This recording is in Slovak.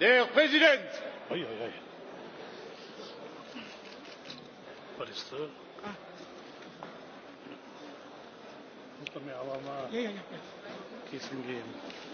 Der Präsident! Oi, oi, oi. Was ist the... Ah. Muss man mir aber mal ja, ja, ja. Kissen geben.